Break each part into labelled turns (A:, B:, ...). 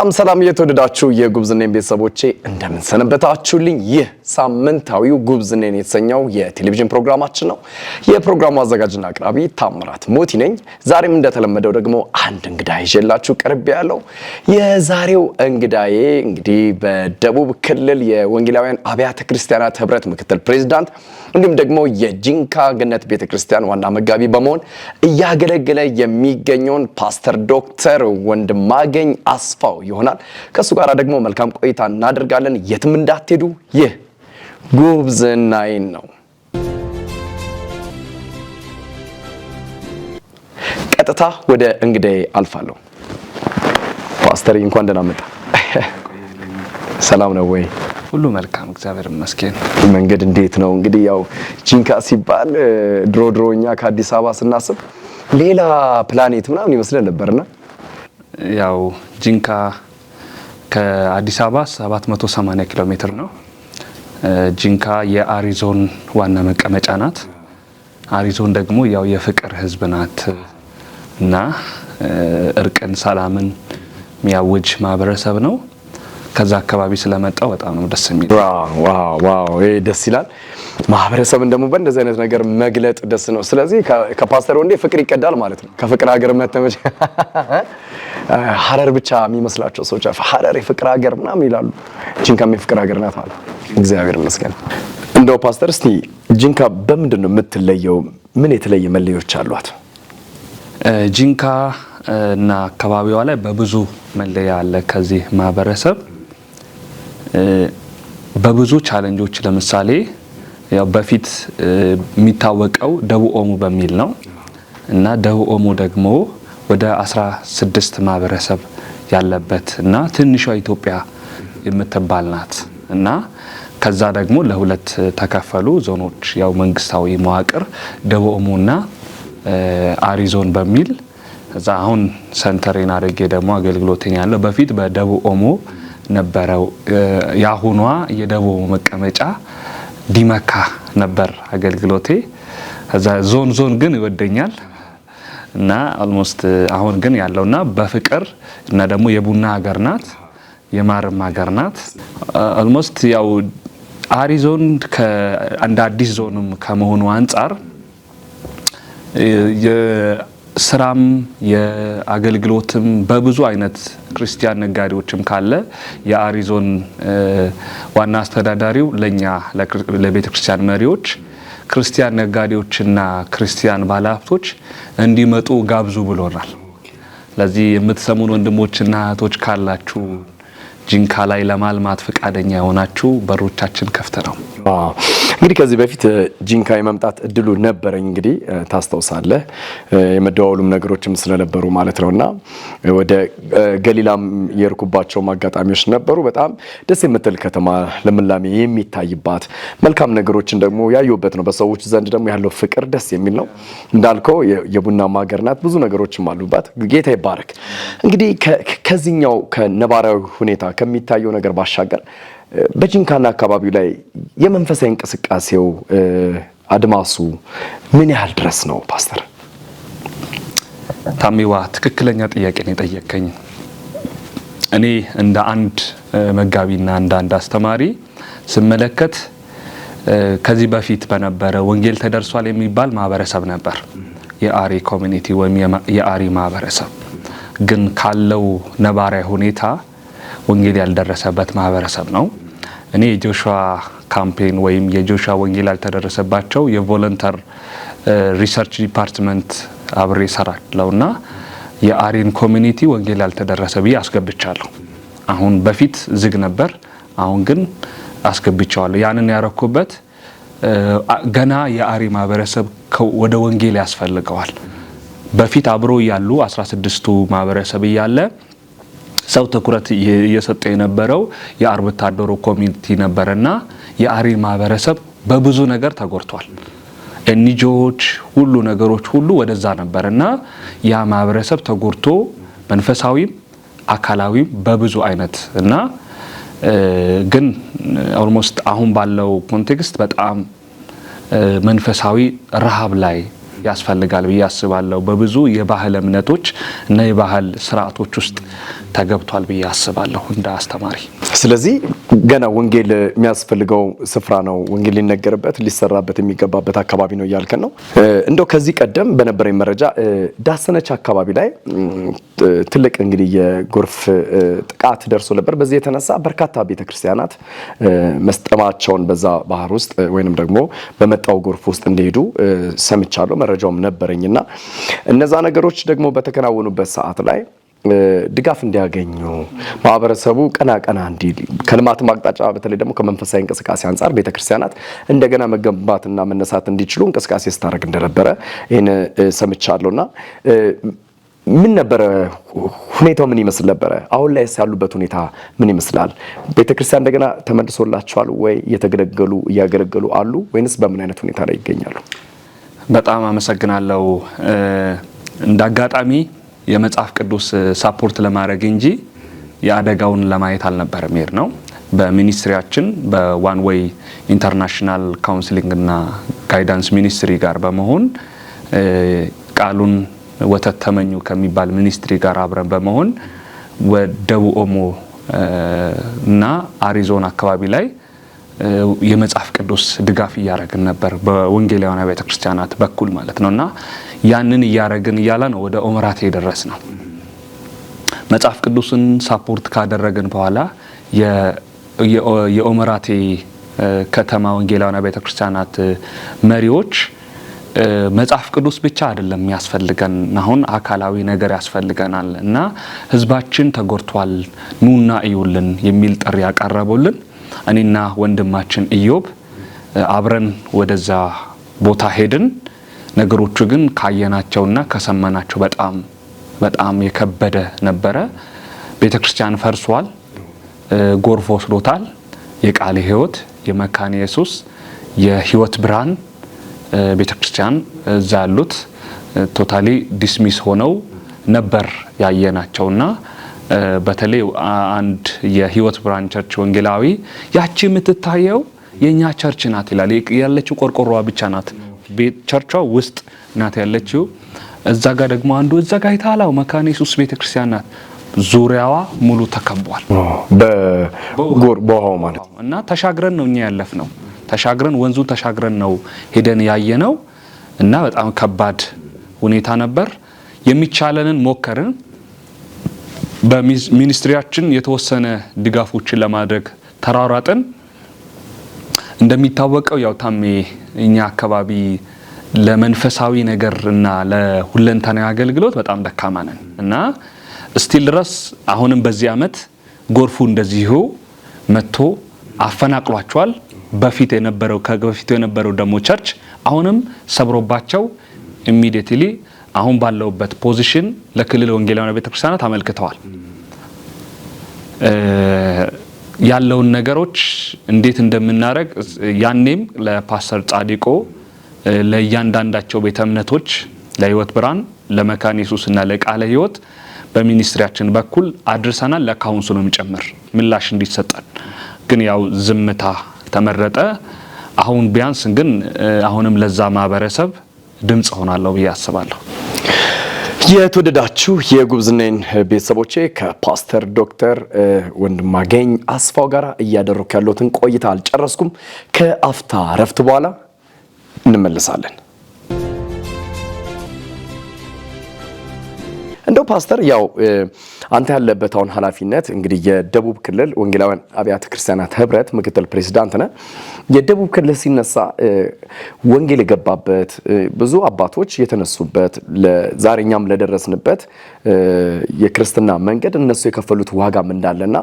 A: ሰላም ሰላም እየተወደዳችሁ የጉብዝኔን ቤተሰቦቼ ሰነበታችሁልኝ? ይህ ሳምንታዊው ጉብዝኔን የተሰኘው የቴሌቪዥን ፕሮግራማችን ነው። የፕሮግራሙ አዘጋጅና አቅራቢ ታምራት ሞቲ ነኝ። ዛሬም እንደተለመደው ደግሞ አንድ እንግዳ ይዤላችሁ ቀርቤ ያለው የዛሬው እንግዳዬ እንግዲህ በደቡብ ክልል የወንጌላውያን አብያተ ክርስቲያናት ህብረት ምክትል ፕሬዚዳንት እንዲሁም ደግሞ የጂንካ ገነት ቤተ ክርስቲያን ዋና መጋቢ በመሆን እያገለገለ የሚገኘውን ፓስተር ዶክተር ወንድማገኝ አስፋው ይሆናል። ከእሱ ጋር ደግሞ መልካም ቆይታ እናደርጋለን። የትም እንዳትሄዱ። ይህ ጉብዝናይን ነው። ቀጥታ ወደ እንግዳዬ አልፋለሁ። ፓስተር እንኳን ደህና መጣ። ሰላም ነው ወይ? ሁሉ መልካም እግዚአብሔር ይመስገን። መንገድ እንዴት ነው እንግዲህ ያው ጂንካ ሲባል ድሮ ድሮ እኛ ከአዲስ አበባ ስናስብ ሌላ ፕላኔት ምናምን ይመስለን ነበርና ያው ጂንካ ከአዲስ አበባ 780 ኪሎ ሜትር ነው። ጂንካ የአሪዞን ዋና መቀመጫ ናት። አሪዞን ደግሞ ያው የፍቅር ህዝብ ናት እና እርቅን፣ ሰላምን የሚያውጅ ማህበረሰብ ነው። ከዛ አካባቢ ስለመጣው በጣም ነው ደስ የሚል።
B: ይህ ደስ ይላል። ማህበረሰብን ደግሞ በእንደዚህ አይነት ነገር መግለጥ ደስ ነው። ስለዚህ ከፓስተር ወንዴ ፍቅር ይቀዳል ማለት ነው። ከፍቅር ሀገር መተመች ሀረር ብቻ የሚመስላቸው ሰዎች ሀረር የፍቅር ሀገር ምናምን ይላሉ። ጂንካም የፍቅር ሀገር ናት ማለት እግዚአብሔር ይመስገን። እንደው ፓስተር እስቲ ጂንካ በምንድን ነው የምትለየው? ምን የተለየ መለዮች አሏት?
A: ጂንካ እና አካባቢዋ ላይ በብዙ መለያ አለ ከዚህ ማህበረሰብ በብዙ ቻለንጆች ለምሳሌ ያው በፊት የሚታወቀው ደቡብ ኦሞ በሚል ነው እና ደቡብ ኦሞ ደግሞ ወደ 16 ማህበረሰብ ያለበት እና ትንሿ ኢትዮጵያ የምትባል ናት እና ከዛ ደግሞ ለሁለት ተከፈሉ ዞኖች ያው መንግስታዊ መዋቅር ደቡብ ኦሞና እና አሪዞን በሚል እዛ አሁን ሰንተሬን አድርጌ ደግሞ አገልግሎትን ያለው በፊት በደቡብ ኦሞ ነበረው። የአሁኗ የደቦ መቀመጫ ዲመካ ነበር አገልግሎቴ። ከዛ ዞን ዞን ግን ይወደኛል እና ኦልሞስት አሁን ግን ያለውና በፍቅር እና ደግሞ የቡና ሀገር ናት የማርም ሀገር ናት። ኦልሞስት ያው አሪ ዞን እንደ አዲስ ዞንም ከመሆኑ አንጻር ስራም የአገልግሎትም በብዙ አይነት ክርስቲያን ነጋዴዎችም ካለ የአሪዞን ዋና አስተዳዳሪው ለእኛ ለቤተ ክርስቲያን መሪዎች ክርስቲያን ነጋዴዎችና ክርስቲያን ባለሀብቶች እንዲመጡ ጋብዙ ብሎናል። ለዚህ የምትሰሙን ወንድሞችና እህቶች ካላችሁ ጂንካ ላይ ለማልማት ፈቃደኛ የሆናችሁ በሮቻችን ከፍት ነው።
B: እንግዲህ ከዚህ በፊት ጂንካ የመምጣት እድሉ ነበረኝ። እንግዲህ ታስታውሳለህ፣ የመደዋወሉም ነገሮችም ስለነበሩ ማለት እና ወደ ገሊላም የርኩባቸውም አጋጣሚዎች ነበሩ። በጣም ደስ የምትል ከተማ፣ ልምላሜ የሚታይባት መልካም ነገሮችን ደግሞ ያዩበት ነው። በሰዎች ዘንድ ደግሞ ያለው ፍቅር ደስ የሚል ነው። እንዳልከው የቡናማ ሀገር ናት፣ ብዙ ነገሮችም አሉባት። ጌታ ይባረክ። እንግዲህ ከዚህኛው ከነባራዊ ሁኔታ ከሚታየው ነገር ባሻገር በጂንካና አካባቢው ላይ የመንፈሳዊ እንቅስቃሴው አድማሱ ምን ያህል ድረስ ነው ፓስተር
A: ታሚዋ? ትክክለኛ ጥያቄ ነው የጠየቀኝ። እኔ እንደ አንድ መጋቢና እንደ አንድ አስተማሪ ስመለከት ከዚህ በፊት በነበረ ወንጌል ተደርሷል የሚባል ማህበረሰብ ነበር፣ የአሪ ኮሚኒቲ ወይም የአሪ ማህበረሰብ ግን ካለው ነባራዊ ሁኔታ ወንጌል ያልደረሰበት ማህበረሰብ ነው። እኔ የጆሹዋ ካምፔን ወይም የጆሹዋ ወንጌል ያልተደረሰባቸው የቮለንተር ሪሰርች ዲፓርትመንት አብሬ እሰራለሁና የአሬን ኮሚኒቲ ወንጌል ያልተደረሰ ብዬ አስገብቻለሁ። አሁን በፊት ዝግ ነበር፣ አሁን ግን አስገብቸዋለሁ። ያንን ያረኩበት ገና የአሬ ማህበረሰብ ወደ ወንጌል ያስፈልገዋል። በፊት አብሮ ያሉ 16ቱ ማህበረሰብ እያለ ሰው ትኩረት እየሰጠ የነበረው የአርብ ወታደሩ ኮሚኒቲ ነበረና የአሪ ማህበረሰብ በብዙ ነገር ተጎድቷል። እኒጆዎች ሁሉ ነገሮች ሁሉ ወደዛ ነበርና ያ ማህበረሰብ ተጎድቶ መንፈሳዊም አካላዊም በብዙ አይነት እና ግን ኦልሞስት አሁን ባለው ኮንቴክስት በጣም መንፈሳዊ ረሃብ ላይ ያስፈልጋል ብዬ አስባለሁ። በብዙ የባህል እምነቶች እና የባህል ስርዓቶች ውስጥ ተገብቷል ብዬ አስባለሁ እንደ አስተማሪ።
B: ስለዚህ ገና ወንጌል የሚያስፈልገው ስፍራ ነው። ወንጌል ሊነገርበት ሊሰራበት የሚገባበት አካባቢ ነው እያልከን ነው። እንደው ከዚህ ቀደም በነበረኝ መረጃ ዳሰነች አካባቢ ላይ ትልቅ እንግዲህ የጎርፍ ጥቃት ደርሶ ነበር። በዚህ የተነሳ በርካታ ቤተክርስቲያናት መስጠማቸውን በዛ ባህር ውስጥ ወይንም ደግሞ በመጣው ጎርፍ ውስጥ እንደሄዱ ሰምቻለሁ። መረጃውም ነበረኝና እነዛ ነገሮች ደግሞ በተከናወኑበት ሰዓት ላይ ድጋፍ እንዲያገኙ ማህበረሰቡ ቀና ቀና እንዲል ከልማት አቅጣጫ በተለይ ደግሞ ከመንፈሳዊ እንቅስቃሴ አንጻር ቤተክርስቲያናት እንደገና መገንባትና መነሳት እንዲችሉ እንቅስቃሴ ስታደርግ እንደነበረ ይህን ሰምቻለሁና ምን ነበረ ሁኔታው? ምን ይመስል ነበረ? አሁን ላይ ያሉበት ሁኔታ ምን ይመስላል? ቤተክርስቲያን እንደገና ተመልሶላቸዋል ወይ? እየተገለገሉ እያገለገሉ አሉ ወይንስ በምን አይነት ሁኔታ ላይ ይገኛሉ?
A: በጣም አመሰግናለሁ። እንደ አጋጣሚ የመጽሐፍ ቅዱስ ሳፖርት ለማድረግ እንጂ የአደጋውን ለማየት አልነበረም ሄድ ነው። በሚኒስትሪያችን በዋን ወይ ኢንተርናሽናል ካውንስሊንግና ጋይዳንስ ሚኒስትሪ ጋር በመሆን ቃሉን ወተት ተመኙ ከሚባል ሚኒስትሪ ጋር አብረን በመሆን ደቡብ ኦሞ እና አሪዞን አካባቢ ላይ የመጽሐፍ ቅዱስ ድጋፍ እያደረግን ነበር፣ በወንጌላውያን ቤተክርስቲያናት በኩል ማለት ነው እና ያንን እያረግን እያለ ነው ወደ ኡምራት የደረስ ነው። መጽሐፍ ቅዱስን ሳፖርት ካደረግን በኋላ የኡምራቴ ከተማ ወንጌላውና ቤተ ክርስቲያናት መሪዎች መጽሐፍ ቅዱስ ብቻ አይደለም ያስፈልገን፣ አሁን አካላዊ ነገር ያስፈልገናል እና ህዝባችን ተጎድቷል፣ ኑና እዩልን የሚል ጥሪ ያቀረቡልን እኔና ወንድማችን ኢዮብ አብረን ወደዛ ቦታ ሄድን። ነገሮቹ ግን ካየናቸውና ከሰመናቸው በጣም በጣም የከበደ ነበረ። ቤተ ክርስቲያን ፈርሷል፣ ጎርፍ ወስዶታል። የቃለ ሕይወት የመካነ ኢየሱስ የሕይወት ብርሃን ቤተ ክርስቲያን እዛ ያሉት ቶታሊ ዲስሚስ ሆነው ነበር ያየናቸውና በተለይ አንድ የሕይወት ብርሃን ቸርች ወንጌላዊ ያቺ የምትታየው የእኛ ቸርች ናት ይላል። ያለችው ቆርቆሮዋ ብቻ ናት። ቸርቿ ውስጥ ናት ያለችው። እዛ ጋር ደግሞ አንዱ እዛ ጋር የታላው መካነ ኢየሱስ ቤተክርስቲያን ናት። ዙሪያዋ ሙሉ ተከቧል በውሃው ማለት እና ተሻግረን ነው እኛ ያለፍ ነው ተሻግረን ወንዙ ተሻግረን ነው ሄደን ያየ ነው እና በጣም ከባድ ሁኔታ ነበር። የሚቻለንን ሞከርን። በሚኒስትሪያችን የተወሰነ ድጋፎችን ለማድረግ ተሯሯጥን። እንደሚታወቀው ያው ታሜ እኛ አካባቢ ለመንፈሳዊ ነገር እና ለሁለንተናዊ አገልግሎት በጣም ደካማ ነን እና እስቲል ድረስ አሁንም በዚህ አመት ጎርፉ እንደዚሁ መጥቶ አፈናቅሏቸዋል። በፊት የነበረው ከበፊቱ የነበረው ደግሞ ቸርች አሁንም ሰብሮባቸው ኢሚዲየትሊ አሁን ባለውበት ፖዚሽን ለክልል ወንጌላዊ ቤተክርስቲያናት አመልክተዋል። ያለውን ነገሮች እንዴት እንደምናደርግ ያኔም ለፓስተር ጻዲቆ ለእያንዳንዳቸው ቤተ እምነቶች ለህይወት ብርሃን ለመካን እና ለቃለ ህይወት በሚኒስትሪያችን በኩል አድርሰናል። ለካውንስሉም ጭምር ምላሽ እንዲሰጠን ግን ያው ዝምታ ተመረጠ። አሁን ቢያንስ ግን አሁንም ለዛ ማህበረሰብ ድምፅ ሆናለሁ ብዬ አስባለሁ።
B: የተወደዳችሁ የጉብዝናዬን ቤተሰቦቼ ከፓስተር ዶክተር ወንድማገኝ አስፋው ጋር እያደረኩ ያለሁትን ቆይታ አልጨረስኩም። ከአፍታ ረፍት በኋላ እንመለሳለን። እንደው ፓስተር ያው አንተ ያለበት አሁን ኃላፊነት እንግዲህ የደቡብ ክልል ወንጌላውያን አብያተ ክርስቲያናት ህብረት ምክትል ፕሬዚዳንት ነህ። የደቡብ ክልል ሲነሳ ወንጌል የገባበት ብዙ አባቶች የተነሱበት ለዛሬኛም ለደረስንበት የክርስትና መንገድ እነሱ የከፈሉት ዋጋም እንዳለና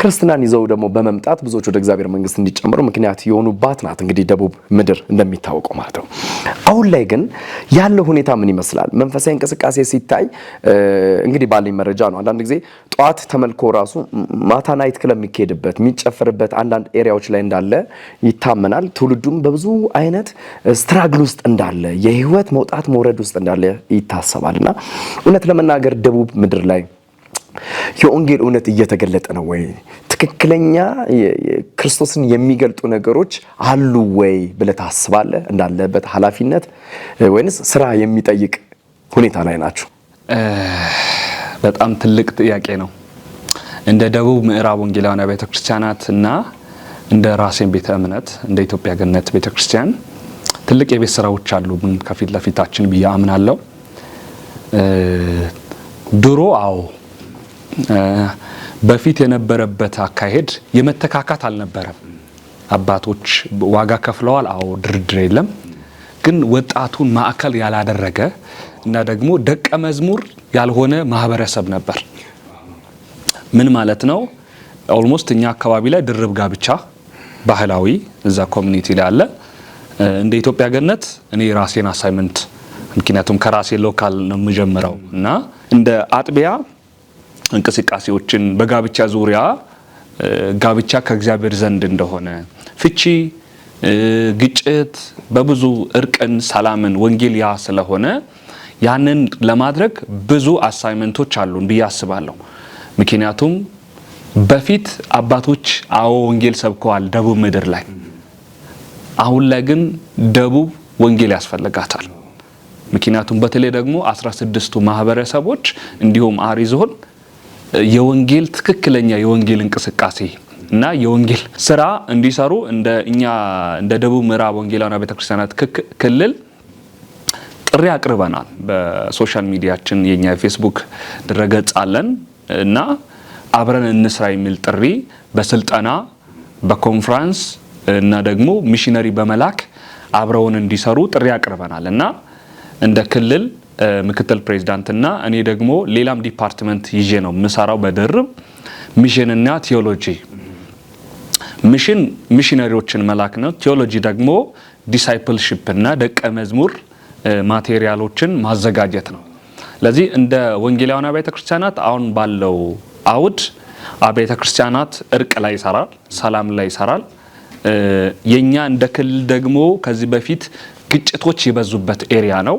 B: ክርስትናን ይዘው ደግሞ በመምጣት ብዙዎች ወደ እግዚአብሔር መንግስት እንዲጨምሩ ምክንያት የሆኑባት ናት እንግዲህ ደቡብ ምድር እንደሚታወቀው ማለት ነው። አሁን ላይ ግን ያለው ሁኔታ ምን ይመስላል? መንፈሳዊ እንቅስቃሴ ሲታይ እንግዲህ ባለኝ መረጃ ነው። አንዳንድ ጊዜ ጠዋት ተመልኮ ራሱ ማታ ናይት ክለብ የሚካሄድበት የሚጨፍርበት አንዳንድ ኤሪያዎች ላይ እንዳለ ይታመናል። ትውልዱም በብዙ አይነት ስትራግል ውስጥ እንዳለ የህይወት መውጣት መውረድ ውስጥ እንዳለ እና እውነት ለመናገር በደቡብ ምድር ላይ የወንጌል እውነት እየተገለጠ ነው ወይ? ትክክለኛ ክርስቶስን የሚገልጡ ነገሮች አሉ ወይ ብለህ ታስባለህ? እንዳለበት ኃላፊነት ወይንስ ስራ የሚጠይቅ ሁኔታ ላይ ናቸው።
A: በጣም ትልቅ ጥያቄ ነው። እንደ ደቡብ ምዕራብ ወንጌላውያን ቤተ ክርስቲያናት እና እንደ ራሴን ቤተ እምነት እንደ ኢትዮጵያ ገነት ቤተ ክርስቲያን ትልቅ የቤት ስራዎች አሉ ከፊት ለፊታችን ብዬ አምናለሁ። ድሮ አዎ በፊት የነበረበት አካሄድ የመተካካት አልነበረም። አባቶች ዋጋ ከፍለዋል። አዎ ድርድር የለም። ግን ወጣቱን ማዕከል ያላደረገ እና ደግሞ ደቀ መዝሙር ያልሆነ ማህበረሰብ ነበር። ምን ማለት ነው? ኦልሞስት እኛ አካባቢ ላይ ድርብ ጋብቻ ባህላዊ እዛ ኮሚኒቲ ላይ አለ። እንደ ኢትዮጵያ ገነት እኔ ራሴን አሳይመንት ምክንያቱም ከራሴ ሎካል ነው የምጀምረው እና እንደ አጥቢያ እንቅስቃሴዎችን በጋብቻ ዙሪያ ጋብቻ ከእግዚአብሔር ዘንድ እንደሆነ ፍቺ፣ ግጭት በብዙ እርቅን፣ ሰላምን ወንጌል ያ ስለሆነ ያንን ለማድረግ ብዙ አሳይመንቶች አሉን ብዬ አስባለሁ። ምክንያቱም በፊት አባቶች አዎ ወንጌል ሰብከዋል ደቡብ ምድር ላይ። አሁን ላይ ግን ደቡብ ወንጌል ያስፈልጋታል። ምክንያቱም በተለይ ደግሞ አስራ ስድስቱ ማህበረሰቦች እንዲሁም አሪ ዞን የወንጌል ትክክለኛ የወንጌል እንቅስቃሴ እና የወንጌል ስራ እንዲሰሩ እንደ እኛ እንደ ደቡብ ምዕራብ ወንጌላና ቤተክርስቲያናት ክልል ጥሪ አቅርበናል። በሶሻል ሚዲያችን የኛ የፌስቡክ ድረገጽ አለን እና አብረን እንስራ የሚል ጥሪ በስልጠና በኮንፍራንስ እና ደግሞ ሚሽነሪ በመላክ አብረውን እንዲሰሩ ጥሪ አቅርበናል እና እንደ ክልል ምክትል ፕሬዚዳንትና እኔ ደግሞ ሌላም ዲፓርትመንት ይዤ ነው የምሰራው በድርብ ሚሽንና ቴዎሎጂ። ሚሽን ሚሽነሪዎችን መላክ ነው። ቴዎሎጂ ደግሞ ዲሳይፕልሽፕ እና ደቀ መዝሙር ማቴሪያሎችን ማዘጋጀት ነው። ለዚህ እንደ ወንጌላውያን አብያተ ክርስቲያናት አሁን ባለው አውድ አብያተ ክርስቲያናት እርቅ ላይ ይሰራል፣ ሰላም ላይ ይሰራል። የእኛ እንደ ክልል ደግሞ ከዚህ በፊት ግጭቶች የበዙበት ኤሪያ ነው።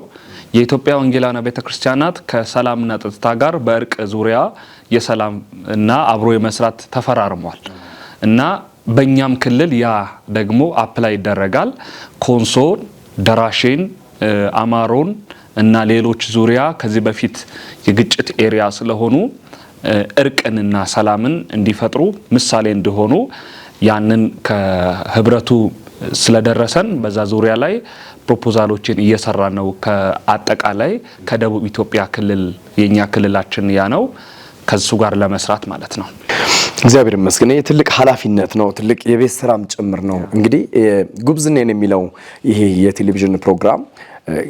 A: የኢትዮጵያ ወንጌላውያን ቤተ ክርስቲያናት ከሰላምና ጸጥታ ጋር በእርቅ ዙሪያ የሰላም እና አብሮ የመስራት ተፈራርሟል እና በእኛም ክልል ያ ደግሞ አፕላይ ይደረጋል። ኮንሶን፣ ደራሼን፣ አማሮን እና ሌሎች ዙሪያ ከዚህ በፊት የግጭት ኤሪያ ስለሆኑ እርቅንና ሰላምን እንዲፈጥሩ ምሳሌ እንዲሆኑ ያንን ከህብረቱ ስለደረሰን በዛ ዙሪያ ላይ ፕሮፖዛሎችን እየሰራ ነው። ከአጠቃላይ ከደቡብ ኢትዮጵያ ክልል የኛ ክልላችን ያ ነው ከሱ ጋር ለመስራት ማለት ነው።
B: እግዚአብሔር ይመስገን። ይህ ትልቅ ኃላፊነት ነው፣ ትልቅ የቤት ስራም ጭምር ነው። እንግዲህ ጉብዝኔን የሚለው ይሄ የቴሌቪዥን ፕሮግራም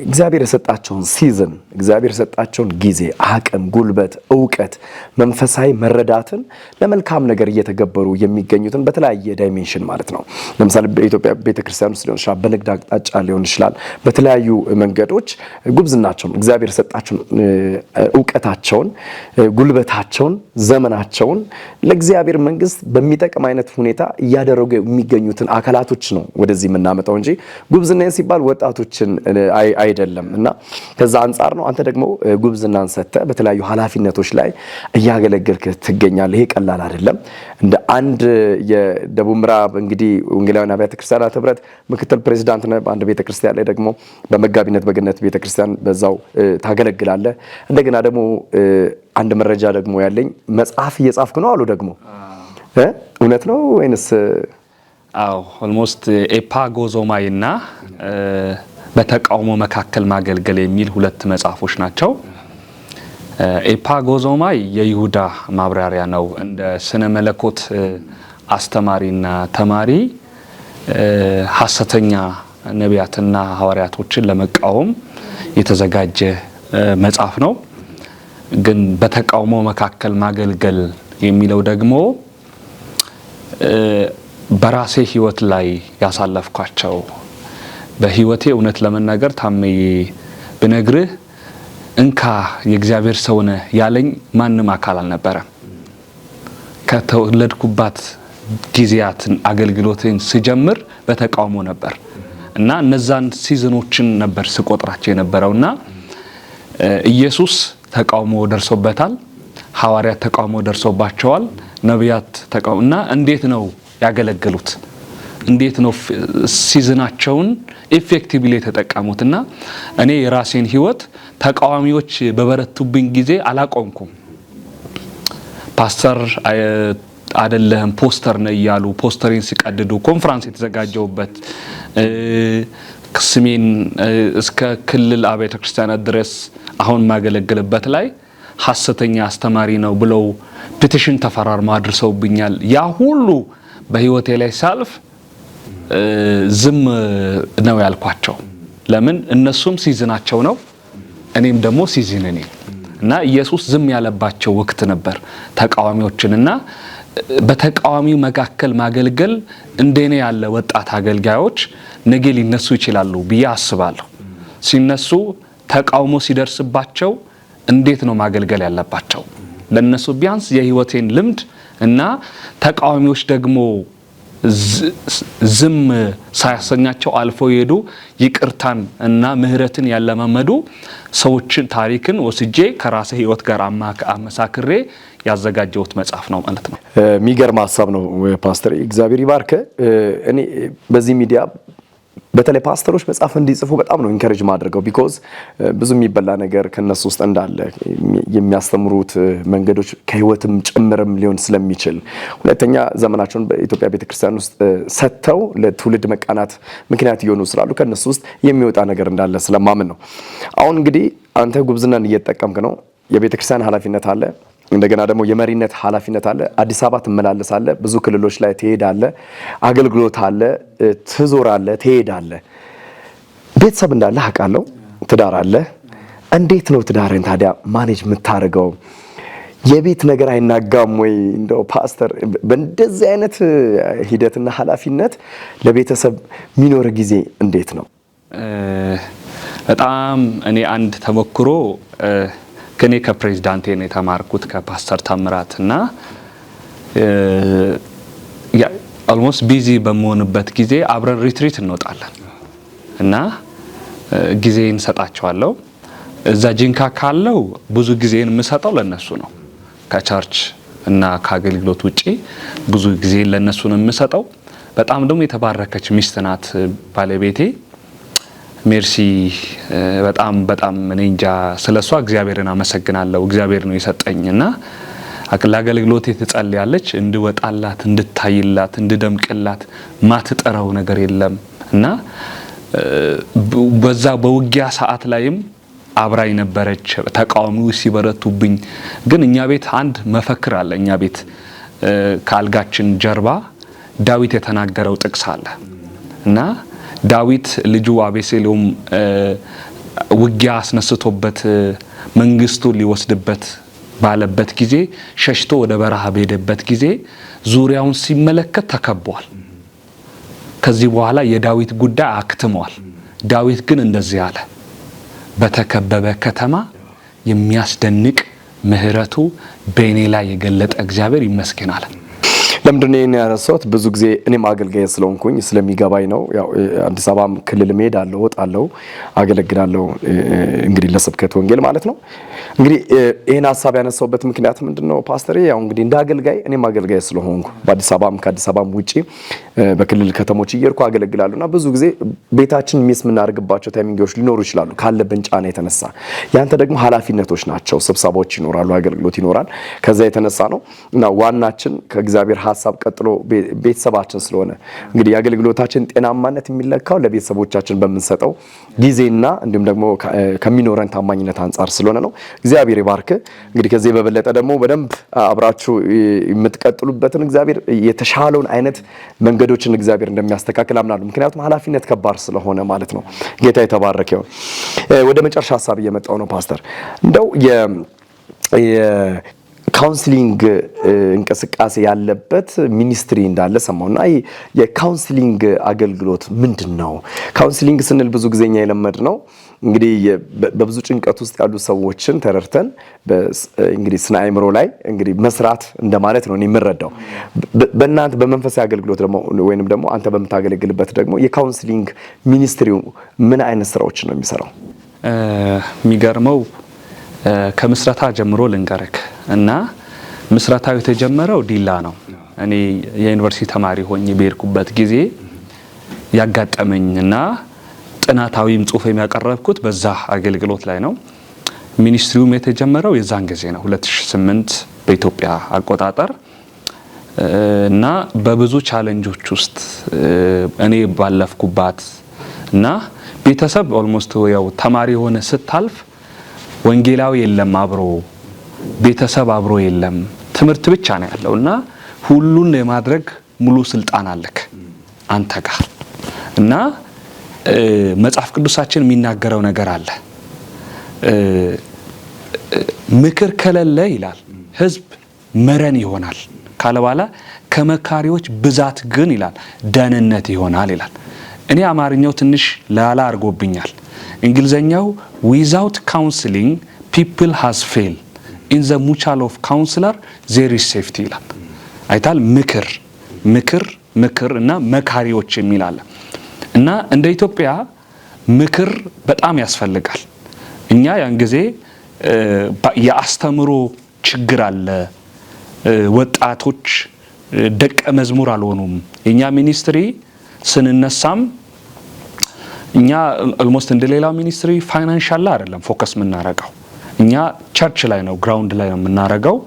B: እግዚአብሔር የሰጣቸውን ሲዝን እግዚአብሔር የሰጣቸውን ጊዜ፣ አቅም፣ ጉልበት፣ እውቀት፣ መንፈሳዊ መረዳትን ለመልካም ነገር እየተገበሩ የሚገኙትን በተለያየ ዳይሜንሽን ማለት ነው። ለምሳሌ በኢትዮጵያ ቤተክርስቲያን ውስጥ ሊሆን ይችላል፣ በንግድ አቅጣጫ ሊሆን ይችላል። በተለያዩ መንገዶች ጉብዝናቸውን እግዚአብሔር የሰጣቸውን እውቀታቸውን፣ ጉልበታቸውን፣ ዘመናቸውን ለእግዚአብሔር መንግስት በሚጠቅም አይነት ሁኔታ እያደረጉ የሚገኙትን አካላቶች ነው ወደዚህ የምናመጣው እንጂ ጉብዝና ሲባል ወጣቶችን አይደለም እና ከዛ አንጻር ነው። አንተ ደግሞ ጉብዝናን ሰጥተህ በተለያዩ ኃላፊነቶች ላይ እያገለገልክ ትገኛለህ። ይሄ ቀላል አይደለም። እንደ አንድ የደቡብ ምዕራብ እንግዲህ ወንጌላውያን አብያተ ክርስቲያናት ህብረት ምክትል ፕሬዚዳንት ነህ። በአንድ ቤተክርስቲያን ላይ ደግሞ በመጋቢነት በገነት ቤተክርስቲያን በዛው ታገለግላለህ። እንደገና ደግሞ አንድ መረጃ ደግሞ ያለኝ መጽሐፍ እየጻፍክ ነው አሉ ደግሞ እውነት ነው ወይንስ?
A: አዎ ኦልሞስት ኤፓጎዞማይና በተቃውሞ መካከል ማገልገል የሚል ሁለት መጽሐፎች ናቸው። ኤፓጎዞማይ የይሁዳ ማብራሪያ ነው። እንደ ስነ መለኮት አስተማሪና ተማሪ ሐሰተኛ ነቢያትና ሐዋርያቶችን ለመቃወም የተዘጋጀ መጽሐፍ ነው። ግን በተቃውሞ መካከል ማገልገል የሚለው ደግሞ በራሴ ሕይወት ላይ ያሳለፍኳቸው በህይወቴ እውነት ለመናገር ታመዬ ብነግርህ እንካ የእግዚአብሔር ሰው ነህ ያለኝ ማንም አካል አልነበረም። ከተወለድኩባት ጊዜያትን አገልግሎትን ስጀምር በተቃውሞ ነበር እና እነዛን ሲዝኖችን ነበር ስቆጥራቸው የነበረው እና ኢየሱስ ተቃውሞ ደርሶበታል። ሐዋርያት ተቃውሞ ደርሶባቸዋል። ነቢያት ተቃውሞ እና እንዴት ነው ያገለግሉት እንዴት ነው ሲዝናቸውን ኢፌክቲቭሊ የተጠቀሙት? እና እኔ የራሴን ህይወት ተቃዋሚዎች በበረቱብኝ ጊዜ አላቆምኩም። ፓስተር አይደለህም ፖስተር ነው እያሉ ፖስተሬን ሲቀድዱ ኮንፍራንስ የተዘጋጀውበት ስሜን እስከ ክልል አብያተ ክርስቲያናት ድረስ አሁን ማገለግልበት ላይ ሀሰተኛ አስተማሪ ነው ብለው ፒቲሽን ተፈራርማ አድርሰውብኛል። ያ ሁሉ በህይወቴ ላይ ሳልፍ ዝም ነው ያልኳቸው። ለምን እነሱም ሲዝናቸው ነው፣ እኔም ደግሞ ሲዝን እኔ እና ኢየሱስ ዝም ያለባቸው ወቅት ነበር። ተቃዋሚዎችንና በተቃዋሚው መካከል ማገልገል እንደኔ ያለ ወጣት አገልጋዮች ነገ ሊነሱ ይችላሉ ብዬ አስባለሁ። ሲነሱ ተቃውሞ ሲደርስባቸው እንዴት ነው ማገልገል ያለባቸው? ለእነሱ ቢያንስ የህይወቴን ልምድ እና ተቃዋሚዎች ደግሞ ዝም ሳያሰኛቸው አልፎ የሄዱ ይቅርታን እና ምህረትን ያለማመዱ ሰዎችን ታሪክን ወስጄ ከራሴ ህይወት ጋር አመሳክሬ ያዘጋጀሁት መጽሐፍ ነው ማለት ነው።
B: የሚገርም ሀሳብ ነው ፓስተር። እግዚአብሔር ይባርክ። እኔ በዚህ ሚዲያ በተለይ ፓስተሮች መጽሐፍ እንዲጽፉ በጣም ነው ኢንከሬጅ ማድረገው። ቢኮዝ ብዙ የሚበላ ነገር ከነሱ ውስጥ እንዳለ የሚያስተምሩት መንገዶች ከህይወትም ጭምርም ሊሆን ስለሚችል፣ ሁለተኛ ዘመናቸውን በኢትዮጵያ ቤተክርስቲያን ውስጥ ሰጥተው ለትውልድ መቃናት ምክንያት እየሆኑ ስላሉ ከነሱ ውስጥ የሚወጣ ነገር እንዳለ ስለማምን ነው። አሁን እንግዲህ አንተ ጉብዝናን እየተጠቀምክ ነው። የቤተክርስቲያን ኃላፊነት አለ። እንደገና ደግሞ የመሪነት ኃላፊነት አለ። አዲስ አበባ ትመላለሳለ፣ ብዙ ክልሎች ላይ ትሄዳለ፣ አገልግሎት አለ፣ ትዞራለ፣ ትሄዳለ። ቤተሰብ እንዳለ አውቃለሁ፣ ትዳር አለ። እንዴት ነው ትዳርን ታዲያ ማኔጅ የምታደርገው? የቤት ነገር አይናጋም ወይ? እንደው ፓስተር፣ በእንደዚህ አይነት ሂደትና ኃላፊነት ለቤተሰብ የሚኖር ጊዜ እንዴት ነው?
A: በጣም እኔ አንድ ተሞክሮ እኔ ከፕሬዚዳንቴ ነው የተማርኩት ከፓስተር እና ኦልሞስት ቢዚ በመሆንበት ጊዜ አብረን ሪትሪት እንወጣለን እና ጊዜ እንሰጣቸዋለሁ። እዛ ጂንካ ካለው ብዙ ጊዜን የምሰጠው ለነሱ ነው። ከቸርች እና ከአገልግሎት ውጪ ብዙ ጊዜ ለነሱ ነው የምሰጠው። በጣም ደግሞ የተባረከች ሚስት ናት ባለቤቴ። ሜርሲ በጣም በጣም እኔ እንጃ ስለ እሷ እግዚአብሔርን አመሰግናለሁ። እግዚአብሔር ነው የሰጠኝ እና ለአገልግሎት ትጸልያለች፣ እንድወጣላት፣ እንድታይላት፣ እንድደምቅላት ማትጠራው ነገር የለም እና በዛ በውጊያ ሰዓት ላይም አብራኝ ነበረች። ተቃዋሚው ሲበረቱብኝ ግን እኛ ቤት አንድ መፈክር አለ። እኛ ቤት ከአልጋችን ጀርባ ዳዊት የተናገረው ጥቅስ አለ እና ዳዊት ልጁ አቤሴሎም ውጊያ አስነስቶበት መንግስቱ ሊወስድበት ባለበት ጊዜ ሸሽቶ ወደ በረሃ በሄደበት ጊዜ ዙሪያውን ሲመለከት ተከቧል። ከዚህ በኋላ የዳዊት ጉዳይ አክትሟል። ዳዊት ግን እንደዚህ አለ፣ በተከበበ ከተማ የሚያስደንቅ ምሕረቱ በእኔ ላይ የገለጠ እግዚአብሔር ይመስገናል።
B: ለምንድን ነው ያነሳሁት? ብዙ ጊዜ እኔም አገልጋይ ስለሆንኩኝ ስለሚገባኝ ነው። አዲስ አበባም ክልል እሄዳለሁ፣ እወጣለሁ፣ አገለግላለሁ። እንግዲህ ለስብከት ወንጌል ማለት ነው። እንግዲህ ይህን ሀሳብ ያነሳሁበት ምክንያት ምንድን ነው? ፓስተር? ያው እንግዲህ እንደ አገልጋይ እኔም አገልጋይ ስለሆንኩ በአዲስ አበባም ከአዲስ አበባም ውጪ በክልል ከተሞች እየርኩ አገለግላለሁ እና ብዙ ጊዜ ቤታችን ሚስ የምናደርግባቸው ታይሚንጎች ሊኖሩ ይችላሉ ካለብን ጫና የተነሳ ያንተ ደግሞ ኃላፊነቶች ናቸው። ስብሰባዎች ይኖራሉ፣ አገልግሎት ይኖራል። ከዛ የተነሳ ነው እና ዋናችን ከእግዚአብሔር ሀሳብ ሀሳብ ቀጥሎ ቤተሰባችን ስለሆነ እንግዲህ የአገልግሎታችን ጤናማነት የሚለካው ለቤተሰቦቻችን በምንሰጠው ጊዜና እንዲሁም ደግሞ ከሚኖረን ታማኝነት አንጻር ስለሆነ ነው። እግዚአብሔር ይባርክ። እንግዲህ ከዚህ በበለጠ ደግሞ በደንብ አብራችሁ የምትቀጥሉበትን እግዚአብሔር የተሻለውን አይነት መንገዶችን እግዚአብሔር እንደሚያስተካክል አምናለሁ። ምክንያቱም ኃላፊነት ከባድ ስለሆነ ማለት ነው። ጌታ የተባረከ ይሁን። ወደ መጨረሻ ሀሳብ እየመጣው ነው ፓስተር እንደው ካውንስሊንግ እንቅስቃሴ ያለበት ሚኒስትሪ እንዳለ ሰማሁና የካውንስሊንግ አገልግሎት ምንድን ነው? ካውንስሊንግ ስንል ብዙ ጊዜኛ የለመድ ነው እንግዲህ በብዙ ጭንቀት ውስጥ ያሉ ሰዎችን ተረድተን እንግዲህ ስነ አይምሮ ላይ እንግዲህ መስራት እንደማለት ነው የምረዳው። በእናንተ በመንፈሳዊ አገልግሎት ደግሞ ወይንም ደግሞ አንተ በምታገለግልበት ደግሞ የካውንስሊንግ ሚኒስትሪው ምን አይነት ስራዎችን ነው የሚሰራው?
A: የሚገርመው ከምስረታ ጀምሮ ልንገረክ እና ምስረታው የተጀመረው ዲላ ነው። እኔ የዩኒቨርሲቲ ተማሪ ሆኜ በሄድኩበት ጊዜ ያጋጠመኝና ጥናታዊም ጽሁፍ የሚያቀረብኩት በዛ አገልግሎት ላይ ነው። ሚኒስትሪውም የተጀመረው የዛን ጊዜ ነው 2008 በኢትዮጵያ አቆጣጠር እና በብዙ ቻለንጆች ውስጥ እኔ ባለፍኩባት እና ቤተሰብ ኦልሞስት ያው ተማሪ የሆነ ስታልፍ ወንጌላዊ የለም አብሮ ቤተሰብ አብሮ የለም፣ ትምህርት ብቻ ነው ያለው እና ሁሉን የማድረግ ሙሉ ስልጣን አለክ አንተ ጋር እና መጽሐፍ ቅዱሳችን የሚናገረው ነገር አለ። ምክር ከሌለ ይላል ሕዝብ መረን ይሆናል ካለ በኋላ ከመካሪዎች ብዛት ግን ይላል ደህንነት ይሆናል ይላል። እኔ አማርኛው ትንሽ ላላ አድርጎብኛል። እንግሊዘኛው ዊዛውት ካውንስሊንግ ፒፕል ሃዝ ፌል ኢን ዘ ሙቻል ኦፍ ካውንስለር ዜር ኢዝ ሴፍቲ ይላል። አይታል ምክር ምክር ምክር እና መካሪዎች የሚል አለ እና እንደ ኢትዮጵያ ምክር በጣም ያስፈልጋል። እኛ ያን ጊዜ የአስተምሮ ችግር አለ። ወጣቶች ደቀ መዝሙር አልሆኑም። የእኛ ሚኒስትሪ ስንነሳም እኛ ኦልሞስት እንደሌላው ሚኒስትሪ ፋይናንሻል አይደለም ፎከስ የምናረገው እኛ ቸርች ላይ ነው ግራውንድ ላይ ነው የምናደርገው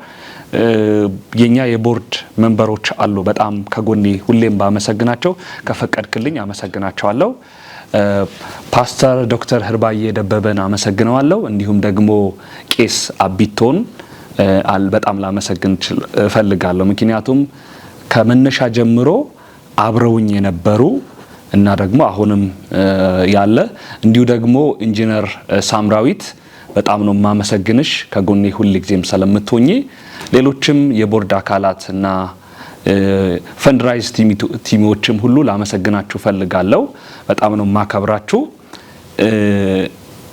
A: የኛ የቦርድ መንበሮች አሉ። በጣም ከጎኔ ሁሌም ባመሰግናቸው ከፈቀድክልኝ አመሰግናቸዋለሁ። ፓስተር ዶክተር ህርባዬ ደበበን አመሰግነዋለሁ። እንዲሁም ደግሞ ቄስ አቢቶን በጣም ላመሰግን እፈልጋለሁ። ምክንያቱም ከመነሻ ጀምሮ አብረውኝ የነበሩ እና ደግሞ አሁንም ያለ እንዲሁ ደግሞ ኢንጂነር ሳምራዊት በጣም ነው የማመሰግንሽ ከጎኔ ሁል ጊዜም ስለምትሆኚ። ሌሎችም የቦርድ አካላት እና ፈንድራይዝ ቲሞችም ሁሉ ላመሰግናችሁ ፈልጋለሁ። በጣም ነው የማከብራችሁ።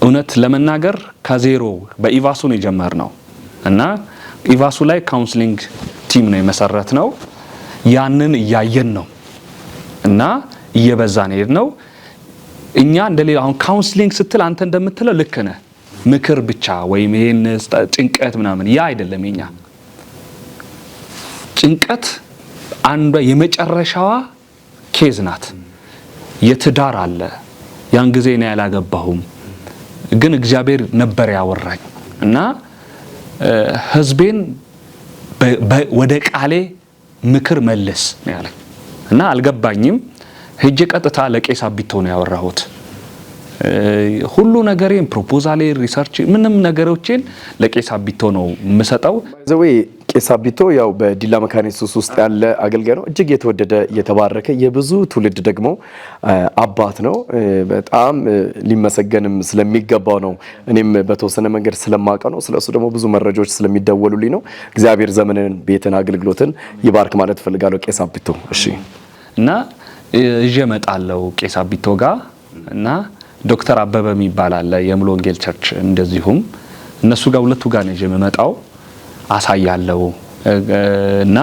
A: እውነት ለመናገር ከዜሮ በኢቫሱ ነው የጀመር እና ኢቫሱ ላይ ካውንስሊንግ ቲም ነው የመሰረት ነው። ያንን እያየን ነው እና እየበዛን ሄድ ነው። እኛ እንደሌላ አሁን ካውንስሊንግ ስትል አንተ እንደምትለው ልክ ነህ ምክር ብቻ ወይም ይሄን ጭንቀት ምናምን ያ አይደለም የኛ ጭንቀት አንዷ የመጨረሻዋ ኬዝ ናት። የትዳር አለ ያን ጊዜ እኔ ያላገባሁም ግን እግዚአብሔር ነበር ያወራኝ እና ህዝቤን ወደ ቃሌ ምክር መልስ ያለኝ እና አልገባኝም። ሄጄ ቀጥታ ለቄስ አቢቶ ነው ያወራሁት። ሁሉ ነገሬን ፕሮፖዛሌ፣ ሪሰርች፣ ምንም ነገሮችን ለቄሳ ቢቶ ነው የምሰጠው።
B: ዘዌ ቄሳ ቢቶ ያው በዲላ መካኒሱስ ውስጥ ያለ አገልጋይ ነው። እጅግ የተወደደ የተባረከ የብዙ ትውልድ ደግሞ አባት ነው። በጣም ሊመሰገንም ስለሚገባው ነው። እኔም በተወሰነ መንገድ ስለማቀ ነው። ስለሱ ደግሞ ብዙ መረጃዎች ስለሚደወሉልኝ ነው። እግዚአብሔር ዘመንን፣ ቤትን፣ አገልግሎትን ይባርክ ማለት እፈልጋለሁ። ቄሳ ቢቶ እሺ። እና
A: እዤ እመጣለሁ ቄሳ ቢቶ ጋር እና ዶክተር አበበ የሚባል አለ የሙሉ ወንጌል ቸርች እንደዚሁም እነሱ ጋር ሁለቱ ጋር ነው የምመጣው አሳያለው እና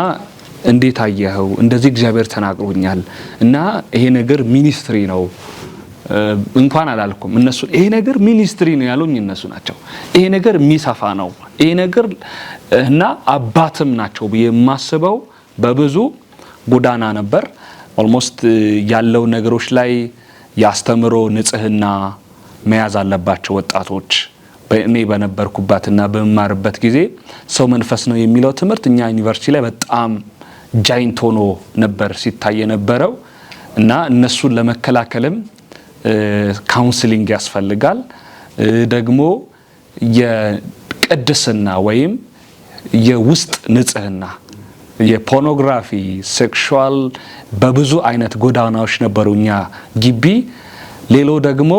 A: እንዴት አየኸው እንደዚህ እግዚአብሔር ተናግሮኛል እና ይሄ ነገር ሚኒስትሪ ነው እንኳን አላልኩም እነሱ ይሄ ነገር ሚኒስትሪ ነው ያሉኝ እነሱ ናቸው ይሄ ነገር የሚሰፋ ነው ይሄ ነገር እና አባትም ናቸው ብዬ የማስበው በብዙ ጎዳና ነበር ኦልሞስት ያለው ነገሮች ላይ የአስተምሮ ንጽህና መያዝ አለባቸው ወጣቶች። በእኔ በነበርኩባትና በምማርበት ጊዜ ሰው መንፈስ ነው የሚለው ትምህርት እኛ ዩኒቨርሲቲ ላይ በጣም ጃይንት ሆኖ ነበር ሲታይ የነበረው እና እነሱን ለመከላከልም ካውንስሊንግ ያስፈልጋል። ደግሞ የቅድስና ወይም የውስጥ ንጽህና የፖርኖግራፊ ሴክሹዋል በብዙ አይነት ጎዳናዎች ነበሩ እኛ ግቢ። ሌሎ ደግሞ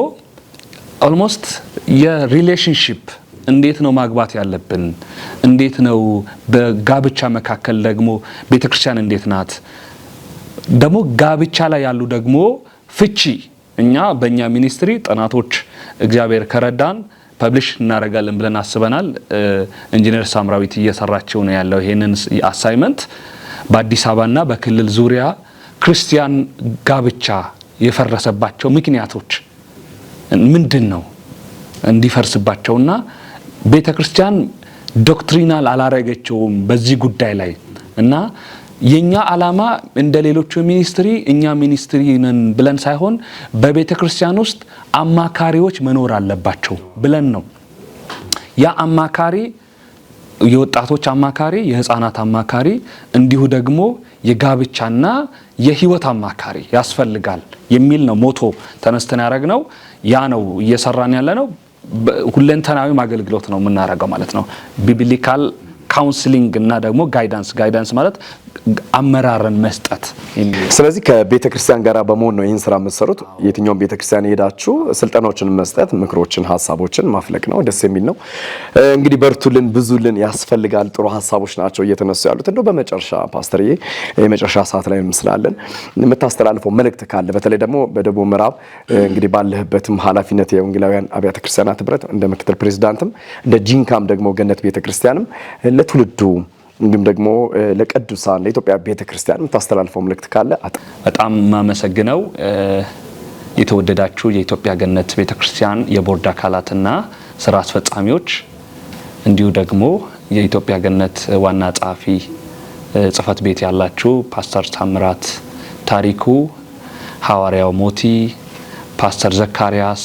A: ኦልሞስት የሪሌሽንሽፕ እንዴት ነው ማግባት ያለብን? እንዴት ነው በጋብቻ መካከል ደግሞ ቤተክርስቲያን እንዴት ናት? ደግሞ ጋብቻ ላይ ያሉ ደግሞ ፍቺ እኛ በእኛ ሚኒስትሪ ጥናቶች እግዚአብሔር ከረዳን ፐብሊሽ እናደርጋለን ብለን አስበናል። ኢንጂነር ሳምራዊት እየሰራቸው ነው ያለው ይሄንን አሳይመንት በአዲስ አበባና በክልል ዙሪያ ክርስቲያን ጋብቻ የፈረሰባቸው ምክንያቶች ምንድን ነው እንዲፈርስባቸውና ቤተ ክርስቲያን ዶክትሪናል አላረገችውም በዚህ ጉዳይ ላይ እና የኛ ዓላማ እንደ ሌሎቹ ሚኒስትሪ እኛ ሚኒስትሪ ነን ብለን ሳይሆን በቤተ ክርስቲያን ውስጥ አማካሪዎች መኖር አለባቸው ብለን ነው። ያ አማካሪ የወጣቶች አማካሪ፣ የህፃናት አማካሪ እንዲሁ ደግሞ የጋብቻና የህይወት አማካሪ ያስፈልጋል የሚል ነው ሞቶ ተነስተን ነው። ያ ነው እየሰራን ያለ ነው። ሁለንተናዊም አገልግሎት ነው የምናደርገው ማለት ነው። ቢብሊካል ካውንስሊንግ እና ደግሞ ጋይዳንስ ጋይዳንስ ማለት አመራርን መስጠት።
B: ስለዚህ ከቤተ ክርስቲያን ጋር በመሆን ነው ይህን ስራ የምትሰሩት። የትኛውም ቤተ ክርስቲያን ሄዳችሁ ስልጠናዎችን መስጠት፣ ምክሮችን፣ ሀሳቦችን ማፍለቅ ነው። ደስ የሚል ነው። እንግዲህ በርቱልን፣ ብዙልን ያስፈልጋል። ጥሩ ሀሳቦች ናቸው እየተነሱ ያሉት። እንደው በመጨረሻ ፓስተር፣ የመጨረሻ ሰዓት ላይ እንመስላለን፣ የምታስተላልፈው መልእክት ካለ በተለይ ደግሞ በደቡብ ምዕራብ እንግዲህ ባለህበትም ኃላፊነት የወንጌላውያን አብያተ ክርስቲያናት ህብረት እንደ ምክትል ፕሬዚዳንትም እንደ ጂንካም ደግሞ ገነት ቤተ ክርስቲያንም ለትውልዱ እንዲሁም ደግሞ ለቅዱሳን ለኢትዮጵያ ቤተክርስቲያን የምታስተላልፈው መልእክት ካለ?
A: በጣም የማመሰግነው የተወደዳችሁ የኢትዮጵያ ገነት ቤተክርስቲያን የቦርድ አካላትና ስራ አስፈጻሚዎች እንዲሁ ደግሞ የኢትዮጵያ ገነት ዋና ጸሐፊ ጽህፈት ቤት ያላችሁ ፓስተር ታምራት ታሪኩ፣ ሐዋርያው ሞቲ፣ ፓስተር ዘካሪያስ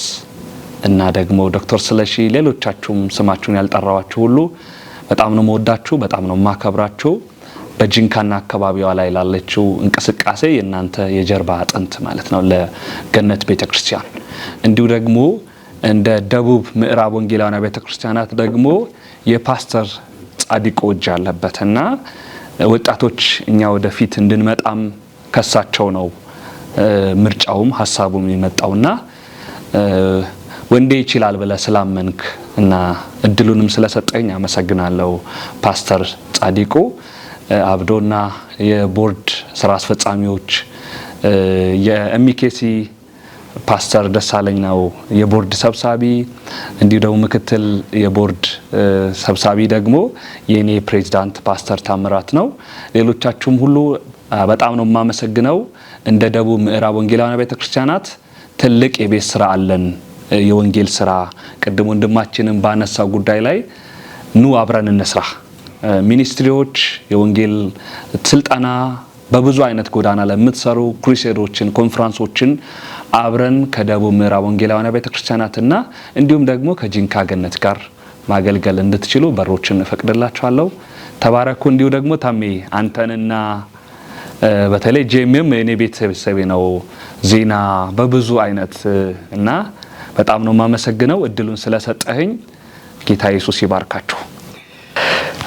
A: እና ደግሞ ዶክተር ስለሺ ሌሎቻችሁም ስማችሁን ያልጠራዋችሁ ሁሉ በጣም ነው መወዳችሁ፣ በጣም ነው ማከብራችሁ። በጂንካና አካባቢዋ ላይ ላለችው እንቅስቃሴ የእናንተ የጀርባ አጥንት ማለት ነው ለገነት ቤተ ክርስቲያን እንዲሁ ደግሞ እንደ ደቡብ ምዕራብ ወንጌላውያን ቤተ ክርስቲያናት ደግሞ የፓስተር ጻድቁ እጅ አለበት እና ወጣቶች እኛ ወደፊት እንድንመጣም ከሳቸው ነው ምርጫውም ሀሳቡም የመጣውና ወንዴ ይችላል ብለ ስላመንክ እና እድሉንም ስለሰጠኝ አመሰግናለሁ። ፓስተር ጻዲቁ አብዶና የቦርድ ስራ አስፈጻሚዎች፣ የኤሚኬሲ ፓስተር ደሳለኝ ነው የቦርድ ሰብሳቢ፣ እንዲሁ ደግሞ ምክትል የቦርድ ሰብሳቢ ደግሞ የእኔ ፕሬዚዳንት ፓስተር ታምራት ነው። ሌሎቻችሁም ሁሉ በጣም ነው የማመሰግነው። እንደ ደቡብ ምዕራብ ወንጌላውያን ቤተክርስቲያናት ትልቅ የቤት ስራ አለን። የወንጌል ስራ ቅድም ወንድማችንም ባነሳው ጉዳይ ላይ ኑ አብረን እንስራ። ሚኒስትሪዎች፣ የወንጌል ስልጠና በብዙ አይነት ጎዳና ለምትሰሩ ክሩሴዶችን፣ ኮንፍራንሶችን አብረን ከደቡብ ምዕራብ ወንጌላውያን ቤተክርስቲያናትና እንዲሁም ደግሞ ከጂንካ ገነት ጋር ማገልገል እንድትችሉ በሮችን እፈቅድላችኋለሁ። ተባረኩ። እንዲሁ ደግሞ ታሜ አንተንና በተለይ ጄሚም የእኔ ቤተሰቤ ነው ዜና በብዙ አይነት እና በጣም ነው የማመሰግነው እድሉን ስለሰጠህኝ። ጌታ ኢየሱስ ይባርካችሁ።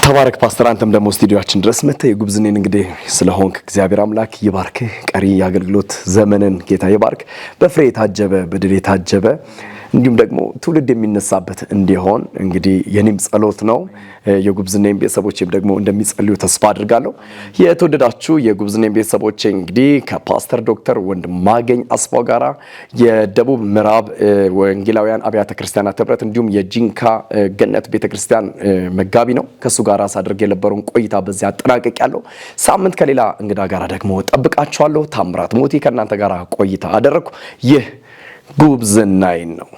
B: ተባረክ ፓስተር፣ አንተም ደግሞ ስቱዲዮችን ድረስ መጥተህ የጉብዝኔን እንግዲህ ስለሆንክ እግዚአብሔር አምላክ ይባርክህ። ቀሪ የአገልግሎት ዘመንን ጌታ ይባርክ። በፍሬ የታጀበ በድል የታጀበ እንዲሁም ደግሞ ትውልድ የሚነሳበት እንዲሆን እንግዲህ የኔም ጸሎት ነው። የጉብዝናዬም ቤተሰቦቼም ደግሞ እንደሚጸልዩ ተስፋ አድርጋለሁ። የተወደዳችሁ የጉብዝናዬም ቤተሰቦቼ እንግዲህ ከፓስተር ዶክተር ወንድማገኝ አስፋው ጋራ የደቡብ ምዕራብ ወንጌላውያን አብያተ ክርስቲያናት ህብረት እንዲሁም የጂንካ ገነት ቤተክርስቲያን መጋቢ ነው ከእሱ ጋር ሳደርግ የነበረውን ቆይታ በዚያ አጠናቀቅ ያለው ሳምንት ከሌላ እንግዳ ጋር ደግሞ ጠብቃችኋለሁ። ታምራት ሞቴ ከእናንተ ጋር ቆይታ አደረግኩ ይህ ጉብዝናይን ነው።